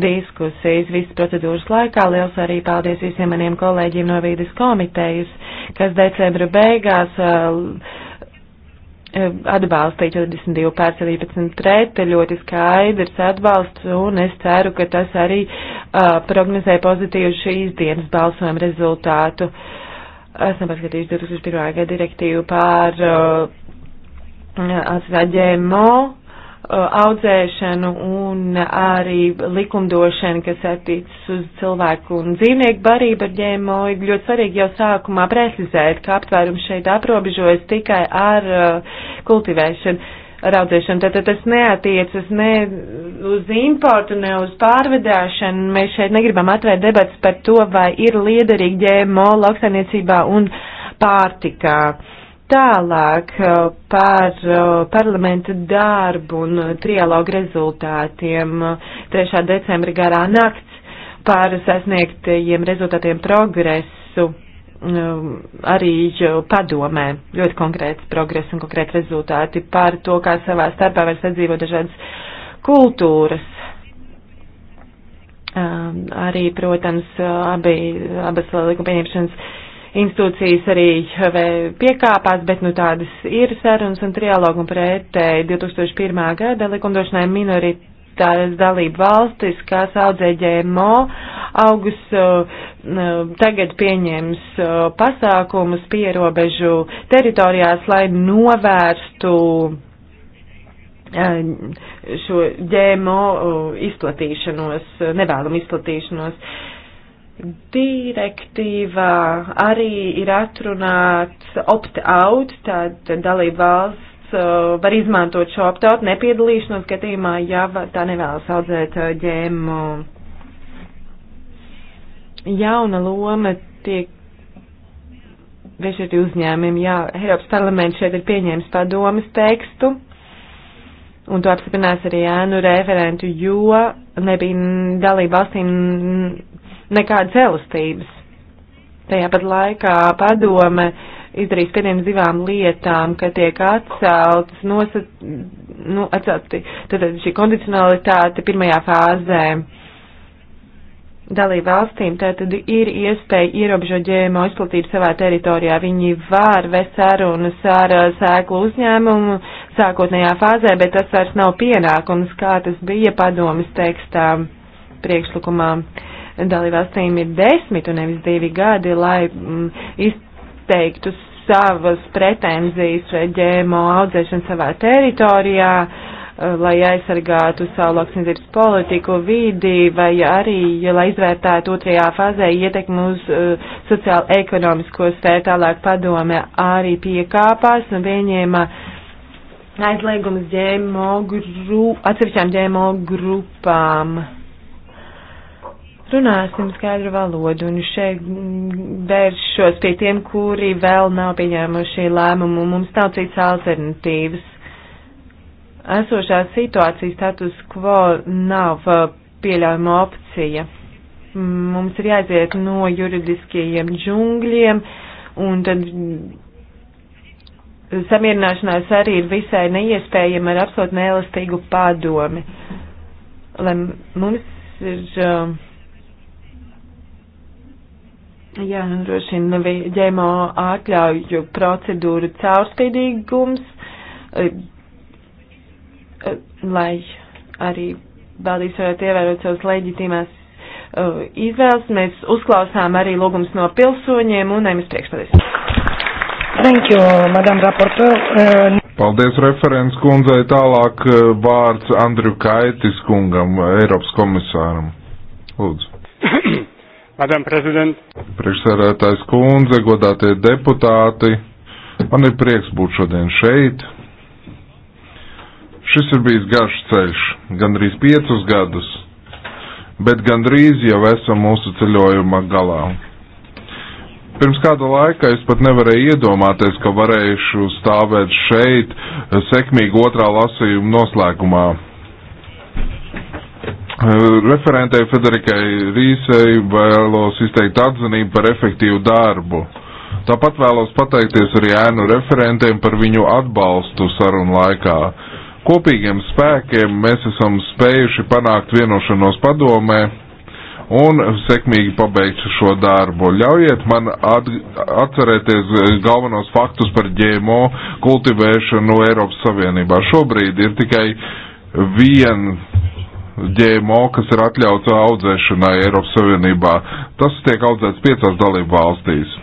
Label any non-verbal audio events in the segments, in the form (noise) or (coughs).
diskusijas visas procedūras laikā. Liels arī paldies visiem maniem kolēģiem no vīdes komitejas, kas decembra beigās uh, uh, atbalstīja 42 pār 17 trete, ļoti skaidrs atbalsts, un es ceru, ka tas arī uh, prognozē pozitīvu šīs dienas balsojuma rezultātu. Esam paskatījuši 2001. gada direktīvu pār uh, atstāģēmo Uh, audzēšanu un arī likumdošanu, kas attiecas uz cilvēku un dzīvnieku barību ar ģēmo, ir ļoti svarīgi jau sākumā precizēt, ka aptvērums šeit aprobežojas tikai ar uh, kultivēšanu. Raudzēšana. Tātad tas neatiecas ne uz importu, ne uz pārvedēšanu. Mēs šeit negribam atvērt debats par to, vai ir liederīgi ģēmo lauksainiecībā un pārtikā. Uh, Tālāk eh, par eh, parlamenta darbu un trialogu rezultātiem 3. decembra garā nakts par sasniegtajiem rezultātiem progresu eh, arī padomē ļoti konkrēts progress un konkrēti rezultāti par to, kā savā starpā var sadzīvot dažādas kultūras. Um, arī, protams, abi, abas likuma pieņemšanas institūcijas arī eh, piekāpās, bet nu tādas ir sarunas un trialogu un pretēji 2001. gada likumdošanai minoritātes dalību valstis, kas audzē ģēmo, augus eh, tagad pieņems eh, pasākumus pierobežu teritorijās, lai novērstu šo ģēmo izplatīšanos, nevēlamu izplatīšanos. Direktīvā arī ir atrunāts opt-out, tad dalība valsts uh, var izmantot šo opt-out nepiedalīšanos gadījumā, ja tā nevēlas audzēt uh, ģēmu. Jauna loma tiek viešietu uzņēmumiem, jā, Eiropas parlaments šeit ir pieņēmis padomas tekstu un to apstiprinās arī ēnu referentu, jo nebija dalība valstīm nekādas elastības. Tajā pat laikā padome izdarīs pēdējiem divām lietām, ka tiek atceltas nosat, nu, atcelti, tātad šī kondicionalitāte pirmajā fāzē dalību valstīm, tātad ir iespēja ierobežot ģēmo izplatību savā teritorijā. Viņi var vest sarunas ar uh, sēklu uzņēmumu sākotnējā fāzē, bet tas vairs nav pienākums, kā tas bija padomas tekstā priekšlikumā. Uh, dalībvalstīm ir desmit un nevis divi gadi, lai mm, izteiktu savas pretenzijas ģēmo audzēšanu savā teritorijā, eh, lai aizsargātu savu lauksniedzības politiku, vidi vai arī, lai izvērtētu otrajā fazē ietekmi uz uh, eh, sociāla-ekonomisko sfēru. Tālāk padome arī piekāpās un pieņēma aizliegums ģēmo gru, atsevišķām ģēmo grupām runāsim skaidru valodu un šeit mm, vēršos pie tiem, kuri vēl nav pieņēmuši lēmumu. Mums nav cits alternatīvas. Esošā situācija status quo nav uh, pieļaujama opcija. Mums ir jāiziet no juridiskajiem džungļiem un tad samierināšanās arī ir visai neiespējama ar absolūti neelastīgu padomi. Lai mums ir uh, Jā, nu, drošina ģēmo atļauju procedūru caurspīdīgums, e, e, lai arī valdības varētu ievērot savas leģitīmās e, izvēles. Mēs uzklausām arī lūgums no pilsoņiem un nevis priekšpadies. Thank you, madam raporteur. Paldies referents kundzei. Tālāk vārds Andriu Kaitis kungam, Eiropas komisāram. Lūdzu. (coughs) Madam President. Priekšsēdētājs kundze, godātie deputāti, man ir prieks būt šodien šeit. Šis ir bijis garš ceļš, gandrīz piecus gadus, bet gandrīz jau esam mūsu ceļojuma galā. Pirms kāda laika es pat nevarēju iedomāties, ka varēšu stāvēt šeit sekmīgi otrā lasījuma noslēgumā Referentei Federikai Rīsei vēlos izteikt atzinību par efektīvu darbu. Tāpat vēlos pateikties arī ēnu referentiem par viņu atbalstu sarunu laikā. Kopīgiem spēkiem mēs esam spējuši panākt vienošanos padomē un sekmīgi pabeigt šo darbu. Ļaujiet man at atcerēties galvenos faktus par ģēmo kultivēšanu Eiropas Savienībā. Šobrīd ir tikai viena ģēmo, kas ir atļauts audzēšanai Eiropas Savienībā. Tas tiek audzēts piecās dalību valstīs.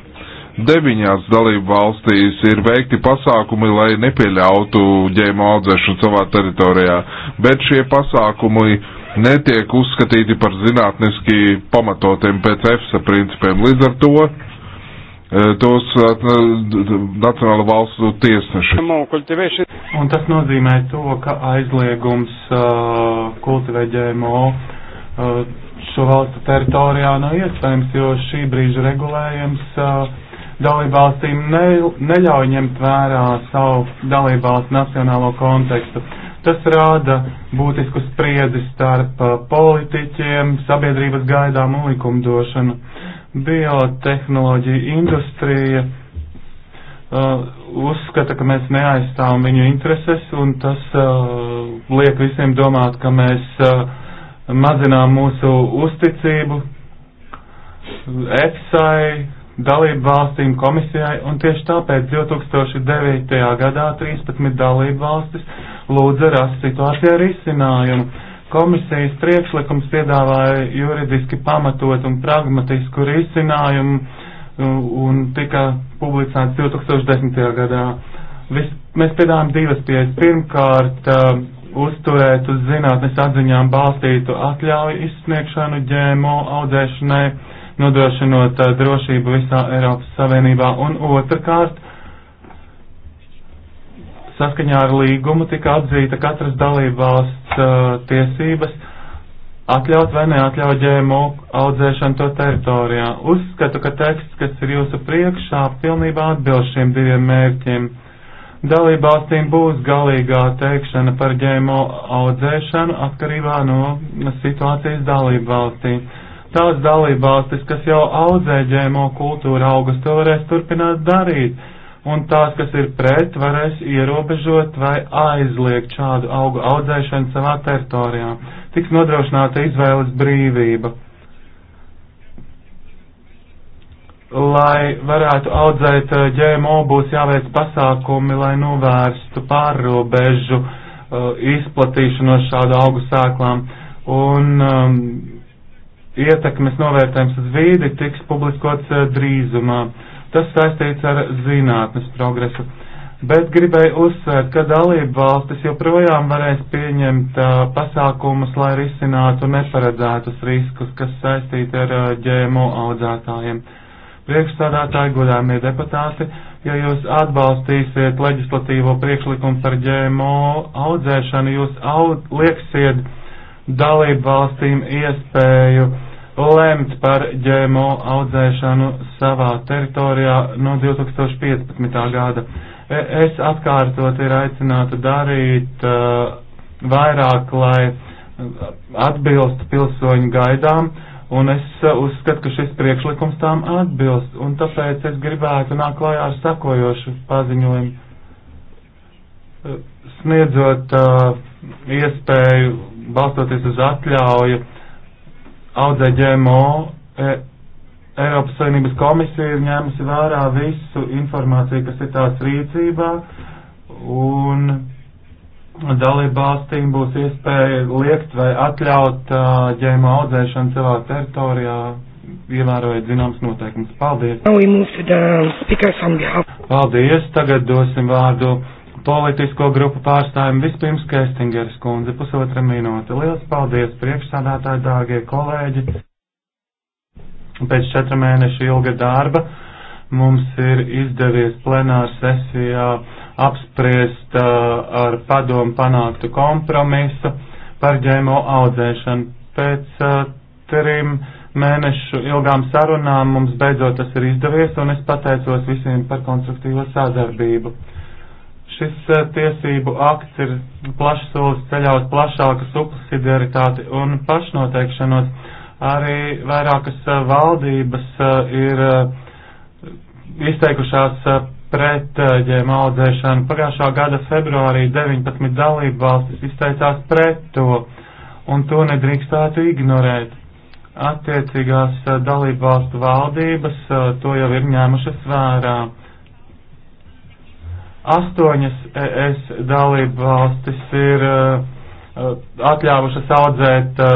Deviņās dalību valstīs ir veikti pasākumi, lai nepieļautu ģēmo audzēšanu savā teritorijā, bet šie pasākumi netiek uzskatīti par zinātniski pamatotiem pēc EFSA principiem. Līdz ar to E, tos e, nacionālu valstu tiesneši. Un tas nozīmē to, ka aizliegums uh, e, kultivēt ģēmo uh, šo valstu teritorijā nav iespējams, jo šī brīža regulējums uh, dalībvalstīm ne, neļauj ņemt vērā savu dalībvalstu nacionālo kontekstu. Tas rāda būtisku spriedzi starp politiķiem, sabiedrības gaidām un likumdošanu. Uh, biotehnoloģija industrija uh, uzskata, ka mēs neaizstāvam viņu intereses, un tas uh, liek visiem domāt, ka mēs uh, mazinām mūsu uzticību EFSAI, dalību valstīm komisijai, un tieši tāpēc 2009. gadā 13 dalību valstis lūdza rast situācijā risinājumu. Komisijas priekšlikums piedāvāja juridiski pamatot un pragmatisku risinājumu un tika publicēts 2010. gadā. Vis, mēs piedāvājam divas pieejas. Pirmkārt, uh, uzturēt uz zinātnes atziņām balstītu atļauju izsniegšanu ģēmo audzēšanai, nodrošinot uh, drošību visā Eiropas Savienībā. Un otrkārt, saskaņā ar līgumu tika atzīta katras dalībvalsts uh, tiesības atļaut vai neatļaut ģēmo audzēšanu to teritorijā. Uzskatu, ka teksts, kas ir jūsu priekšā, pilnībā atbilst šiem diviem mērķiem. Dalībvalstīm būs galīgā teikšana par ģēmo audzēšanu atkarībā no situācijas dalībvalstī. Tās dalībvalstis, kas jau audzē ģēmo kultūra augus, to varēs turpināt darīt un tās, kas ir pret, varēs ierobežot vai aizliegt šādu augu audzēšanu savā teritorijā. Tiks nodrošināta izvēles brīvība. Lai varētu audzēt eh, ģēmo, būs jāveic pasākumi, lai novērstu pārrobežu uh, izplatīšanos šādu augu sēklām. Un um, ietekmes novērtējums uz vīdi tiks publiskots uh, drīzumā. Uh, Tas saistīts ar zinātnes progresu. Bet gribēju uzsvērt, ka dalību valstis joprojām varēs pieņemt uh, pasākumus, lai risinātu neparedzētus riskus, kas saistīti ar uh, ģēmo audzētājiem. Priekšstādātāji, godāmie deputāti, ja jūs atbalstīsiet leģislatīvo priekšlikumu par ģēmo audzēšanu, jūs aud, lieksiet dalību valstīm iespēju uh, lemt par ģēmo audzēšanu savā teritorijā no 2015. gada. E, es atkārtot ir aicinātu darīt uh, vairāk, lai atbilstu pilsoņu gaidām, un es uzskatu, ka šis priekšlikums tām atbilst, un tāpēc es gribētu nākt klājā ar sakojošu paziņojumu, sniedzot uh, iespēju, balstoties uz atļauju, uh, audzē ģēmo, e, Eiropas Savienības komisija ir ņēmusi vērā visu informāciju, kas ir tās rīcībā, un dalībvalstīm būs iespēja liekt vai atļaut e, ģēmo audzēšanu savā teritorijā, ievērojot zināms noteikums. Paldies! Paldies! Tagad dosim vārdu politisko grupu pārstāvjiem. Vispirms Kestingeris kundze, pusotra minūte. Liels paldies priekšsādātāji, dārgie kolēģi. Pēc četra mēneša ilga darba mums ir izdevies plenāra sesijā apspriest uh, ar padomu panāktu kompromisu par ģēmo audzēšanu. Pēc uh, trim mēnešu ilgām sarunām mums beidzot tas ir izdevies un es pateicos visiem par konstruktīvo sadarbību. Šis eh, tiesību akts ir plašs solis ceļā uz plašāku subsidiaritāti un pašnoteikšanos. Arī vairākas eh, valdības eh, ir izteikušās pret ģēma audzēšanu. Pagājušā gada februārī 19 dalību valstis izteicās pret to, un to nedrīkstētu ignorēt. Attiecīgās dalību valstu valdības to jau ir ņēmušas vērā. Astoņas ES dalību valstis ir eh, eh, atļāvušas audzēt eh,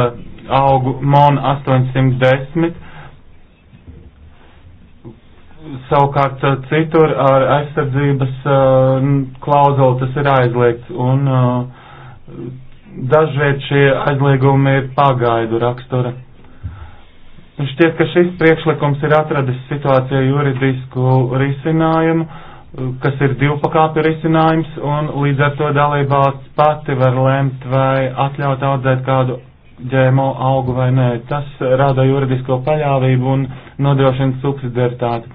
augu MON 810, savukārt citur ar aizsardzības klauzulu tas ir aizliegts, un dažviet šie aizliegumi ir pagaidu rakstura. Šķiet, ka šis priekšlikums ir atradis situācijā juridisku risinājumu kas ir divpakāpju risinājums, un līdz ar to dalībvalsts pati var lemt, vai atļaut audzēt kādu ģēmo augu vai nē. Tas rada juridisko paļāvību un nodrošina subsidiaritāti.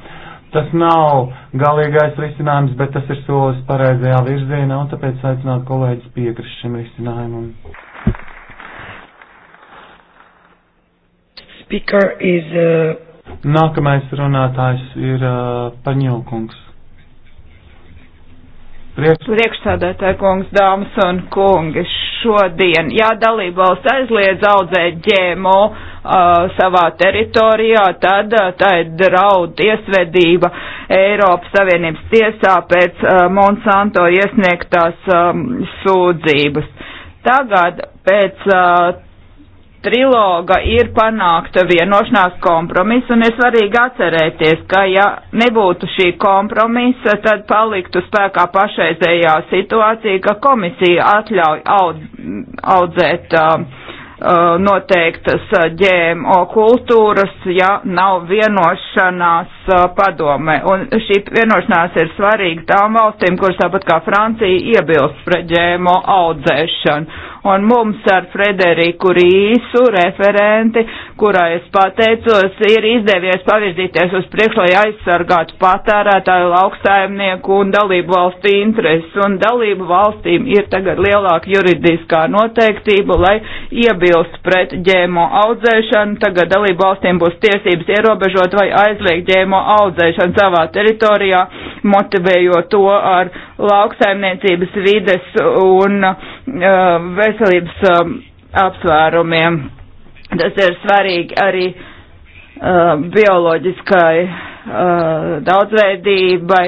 Tas nav galīgais risinājums, bet tas ir solis pareizajā virzienā, un tāpēc aicinātu kolēģis piekrist šim risinājumam. Speaker is, uh... Nākamais runātājs ir uh, Paņilkungs. Prieks. Priekšsādātāji kungs, dāmas un kungi, šodien, ja dalībvalsts aizliedz audzēt ģēmo uh, savā teritorijā, tad uh, tā ir draud iesvedība Eiropas Savienības tiesā pēc uh, Monsanto iesniegtās um, sūdzības. Tagad pēc uh, triloga ir panākta vienošanās kompromisa, un ir svarīgi atcerēties, ka ja nebūtu šī kompromisa, tad paliktu spēkā pašreizējā situācija, ka komisija atļauj aud, audzēt uh, uh noteiktas ģēmo kultūras, ja nav vienošanās uh, padome. Un šī vienošanās ir svarīga tām valstīm, kuras tāpat kā Francija iebilst pret ģēmo audzēšanu un mums ar Frederiku Rīsu, referenti, kurai es pateicos, ir izdevies pavirzīties uz priekšu, lai aizsargātu patērētāju lauksaimnieku un dalību valstu intereses, un dalību valstīm ir tagad lielāka juridiskā noteiktība, lai iebilst pret ģēmo audzēšanu, tagad dalību valstīm būs tiesības ierobežot vai aizliegt ģēmo audzēšanu savā teritorijā, motivējot to ar lauksaimniecības vides un uh, veselības um, apsvērumiem. Tas ir svarīgi arī uh, bioloģiskai uh, daudzveidībai,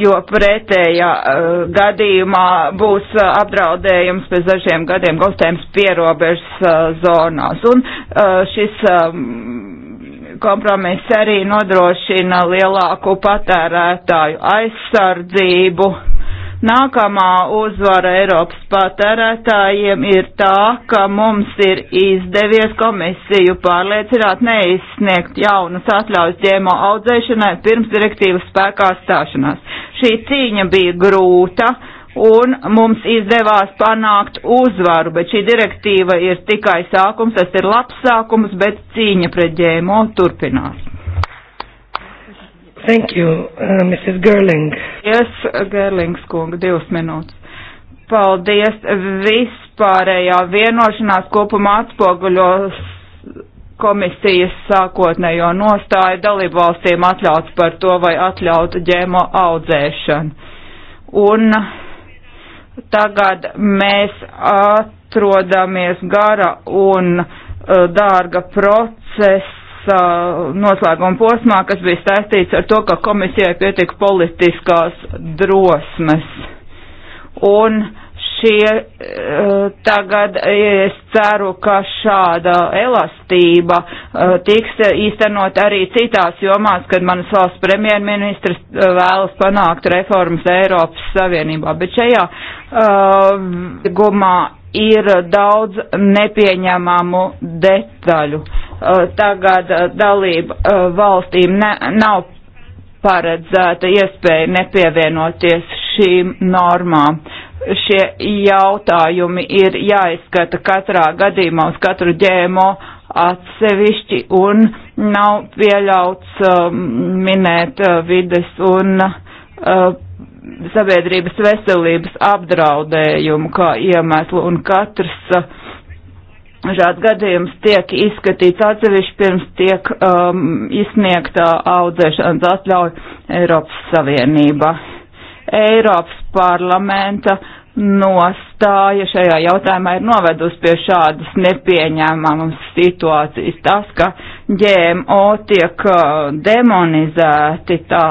jo pretējā uh, gadījumā būs uh, apdraudējums pēc dažiem gadiem gaustējums pierobežas uh, zonās. Un uh, šis um, kompromiss arī nodrošina lielāku patērētāju aizsardzību Nākamā uzvara Eiropas patērētājiem ir tā, ka mums ir izdevies komisiju pārliecināt neizsniegt jaunas atļaujas ģēmo audzēšanai pirms direktīvas spēkā stāšanās. Šī cīņa bija grūta un mums izdevās panākt uzvaru, bet šī direktīva ir tikai sākums, tas ir labs sākums, bet cīņa pret ģēmo turpinās. Thank you, uh, Mrs. Gerling. Yes, Gerlings kunga, divas minūtes. Paldies. Vispārējā vienošanās kopumā atspoguļo komisijas sākotnējo nostāju dalību valstīm atļauts par to vai atļautu ģēmo audzēšanu. Un tagad mēs atrodamies gara un uh, dārga procesa uh, noslēguma posmā, kas bija saistīts ar to, ka komisijai pietika politiskās drosmes. Un šie uh, tagad es ceru, ka šāda elastība uh, tiks īstenot arī citās jomās, kad manas valsts premjerministrs uh, vēlas panākt reformas Eiropas Savienībā. Bet šajā uh, gumā ir daudz nepieņemamu detaļu. Eh, tagad eh, dalību eh, valstīm ne, nav paredzēta iespēja nepievienoties šīm normām. Šie jautājumi ir jāizskata katrā gadījumā uz katru ģēmo atsevišķi un nav pieļauts um, minēt uh, vides un uh, sabiedrības veselības apdraudējumu kā iemeslu un katrs uh, šāds gadījums tiek izskatīts atsevišķi pirms tiek um, izsniegta audzēšanas atļauja Eiropas Savienība. Eiropas parlamenta nostāja šajā jautājumā ir novedusi pie šādas nepieņēmamas situācijas. Tas, ka GMO tiek uh, demonizēti, tā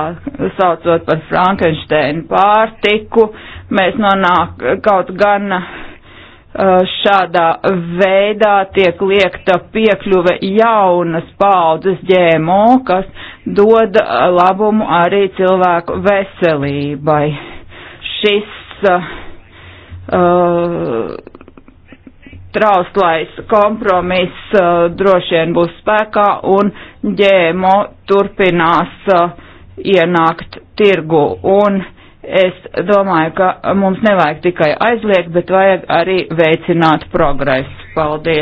saucot par Frankensteinu pārtiku, mēs nonāk kaut gan uh, Eh, šādā veidā tiek liekta piekļuve jaunas paudzes ģēmo, kas dod eh, labumu arī cilvēku veselībai. Šis uh, trauslais kompromiss uh, droši vien būs spēkā un ģēmo turpinās uh, ienākt tirgu. Un, uh, Es domāju, ka mums nevajag tikai aizliegt, bet vajag arī veicināt progresu. Paldies!